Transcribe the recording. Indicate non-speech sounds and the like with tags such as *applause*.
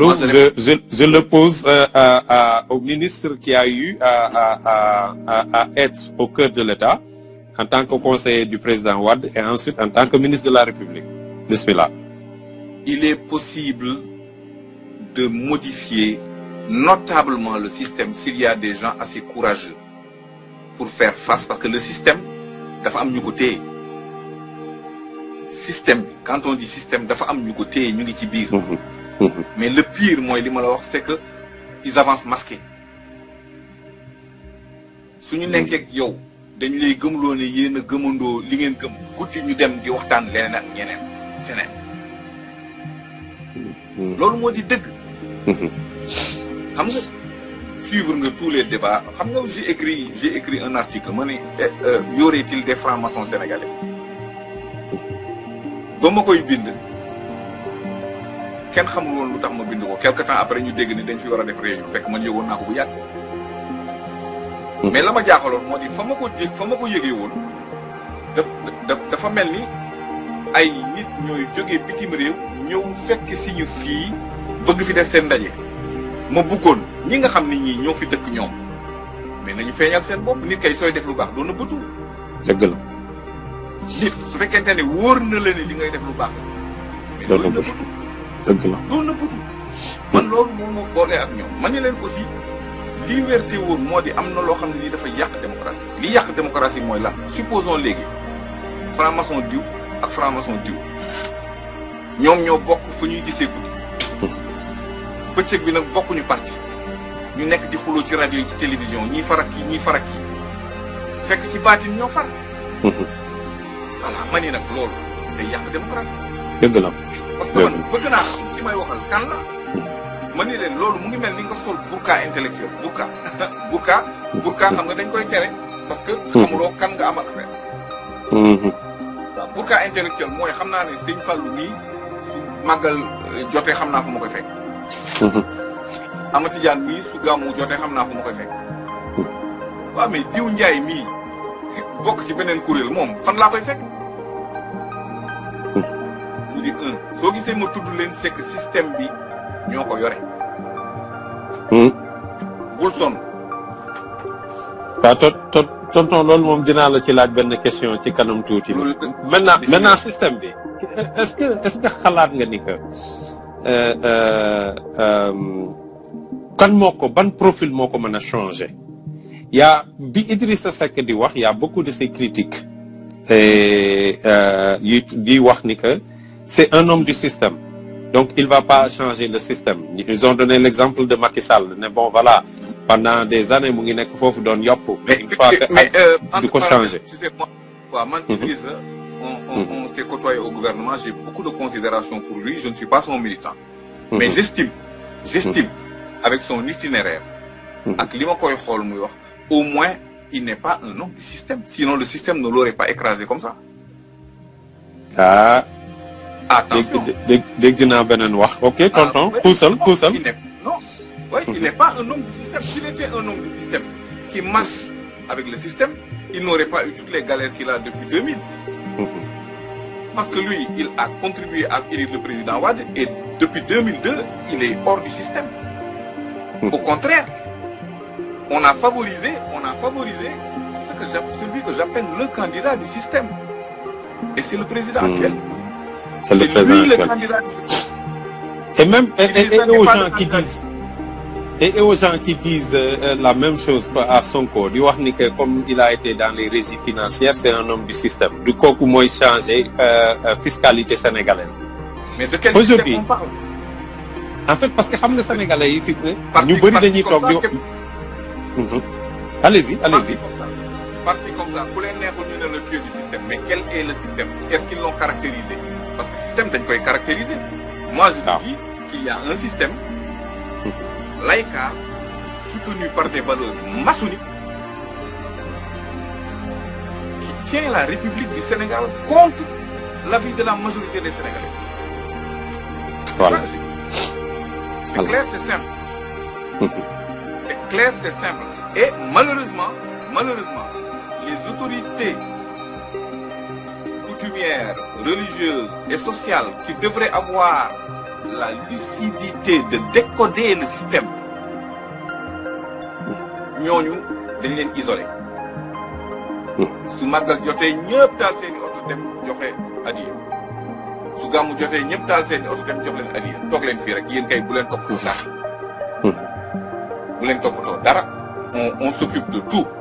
je, le pose euh, au ministre qui a eu à, être au cœur de l'État en tant que conseiller du président Ouad et ensuite en tant que ministre de la République. Bismillah. Il est possible de modifier notablement le système s'il y a des gens assez courageux pour faire face parce que le système dafa am côté système quand on dit système dafa am ñu côté *laughs* mais le pire moi, et ma c'est que ils avancent masqués suñu yow a li ngeen gëm nous hmm. hmm. suivre tous les débats j'ai écrit écrit un article mané eh, euh, y aurait-il des francs-maçons sénégalais ken xamul won lutax tax ma bind ko quelque temps après ñu dégg ni dañ fi wara def réunion fekk man yëgoon naa ko bu yàgg. Hmm. mais la ma jaaxaloon moo di fa ma ko dégg fa ma ko yëgee woon daf dafa mel ni ay nit ñooy jógee bitim réew ñëw fekk si ñu fii bëgg fi def seen ndaje ma bëggoon ñi nga xam ni ñii ñoo fi dëkk ñoom mais nañu feeñal seen bopp nit kay sooy def lu baax doo bëtu dëgg la. nit su fekkente ne wóor na la ni li ngay def lu baax. mais doo bëtu dëgg la loolu na bëtu man loolu moom boole ak ñoom man ne leen aussi lii wérte wóor moo di am na loo xam ne lii dafa yàq démocratie lii yàq démocratie mooy la supposons léegi franc-maçon diw ak franc-maçon diw ñoom ñoo bokk fu ñuy gisee guddi bëccëg bi nag bokkuñu parti ñu nekk di xuloo ci rajo yi ci télévision ñii farak yi ñii farak yi fekk ci baatin ñoo far voilà man ni nag loolu day yàq démocratie dëgg la parce que man bëgg naa xam may waxal kan la. ma ni leen loolu mu ngi mel ni nga sol burka intellectuel burka burka burka xam nga dañ koy tere parce que hmm. xamuloo kan nga amal affaire hmm. waaw burka intellectuel mooy xam naa ne sëñ Fallou nii su màggal euh, jotee xam naa fu ma koy fekk hmm. Ama Tidiane mii xam naa fu ma koy fekk diw Njaay mii bokk ci beneen kuréel moom fan laa koy fekk soo gisee mo tudd len c'est système bi ñoko yoré hmm bul ta tot tot to tonton loolu moom dina la ci laaj benn question ci kanam tuuti. maintenant maintenant système bi. est-ce que est-ce que xalaat nga ni que. Euh, euh, euh, kan moo ko ban profil moo ko mën a changer. yaa bi Idrissa Seck di wax y a beaucoup de ces critiques. et yuy di wax ni que c'est un homme du système. Donc, il ne va pas changer le système. Ils ont donné l'exemple de Macky Sall. Mais bon, voilà, pendant des années, il pas mais il faut euh, changer. tu sais moi on s'est côtoyé au gouvernement j'ai beaucoup de considération pour lui je ne suis pas son militant. Mhm. mais j'estime j'estime mhm. avec son itinéraire. Mhm. ak au moins il n'est pas un homme du système sinon le système ne l'aurait pas écrasé comme ça. ah. Ah, attention noir. ok seul, tout seul. non il n'est pas un homme du système s'il était un homme du système qui marche avec le système il n'aurait pas eu toutes les galères qu'il a depuis 2000. Mhm. Parce que lui, il a contribué à élire le président Wade et depuis 2002, il est hors du système. Mhm. Au contraire, on a favorisé, on a favorisé ce que celui que j'appelle le candidat du système. Et c'est le président mhm. actuel. C'est lui le candidat du système. Et même et, et, aux gens qui disent, et, aux gens qui disent la même chose à Sonko, du que comme il a été dans les régies financières, c'est un homme du système. Du coup, moi, il changeait euh, euh, fiscalité sénégalaise. Mais de quel système on parle En fait, parce que les Sénégalais, ils nous bonnent des Allez-y, allez-y. Parti comme ça, pour les nerfs, on le cœur du système. Mais quel est le système Est-ce qu'ils l'ont caractérisé parce que le système est caractérisé. moi je ah. dis qu'il y a un système laïca soutenu par des valeurs maçonniques qui tient la République du Sénégal contre l'avis de la majorité des Sénégalais voilà c'est clair c'est simple c'est clair c'est simple et malheureusement malheureusement les autorités coutumière, religieuse et sociale qui devrait avoir la lucidité de décoder le système ñooñu dañ leen isolé su màggal jotee ñëpp daal seen i oto dem dire. adiya su gàmmu jotee ñëpp daal seen i oto dem jox leen adiya toog leen fii rek yéen kay bu leen toppatoo dara hmm. bu leen top dara on on s'occupe de tout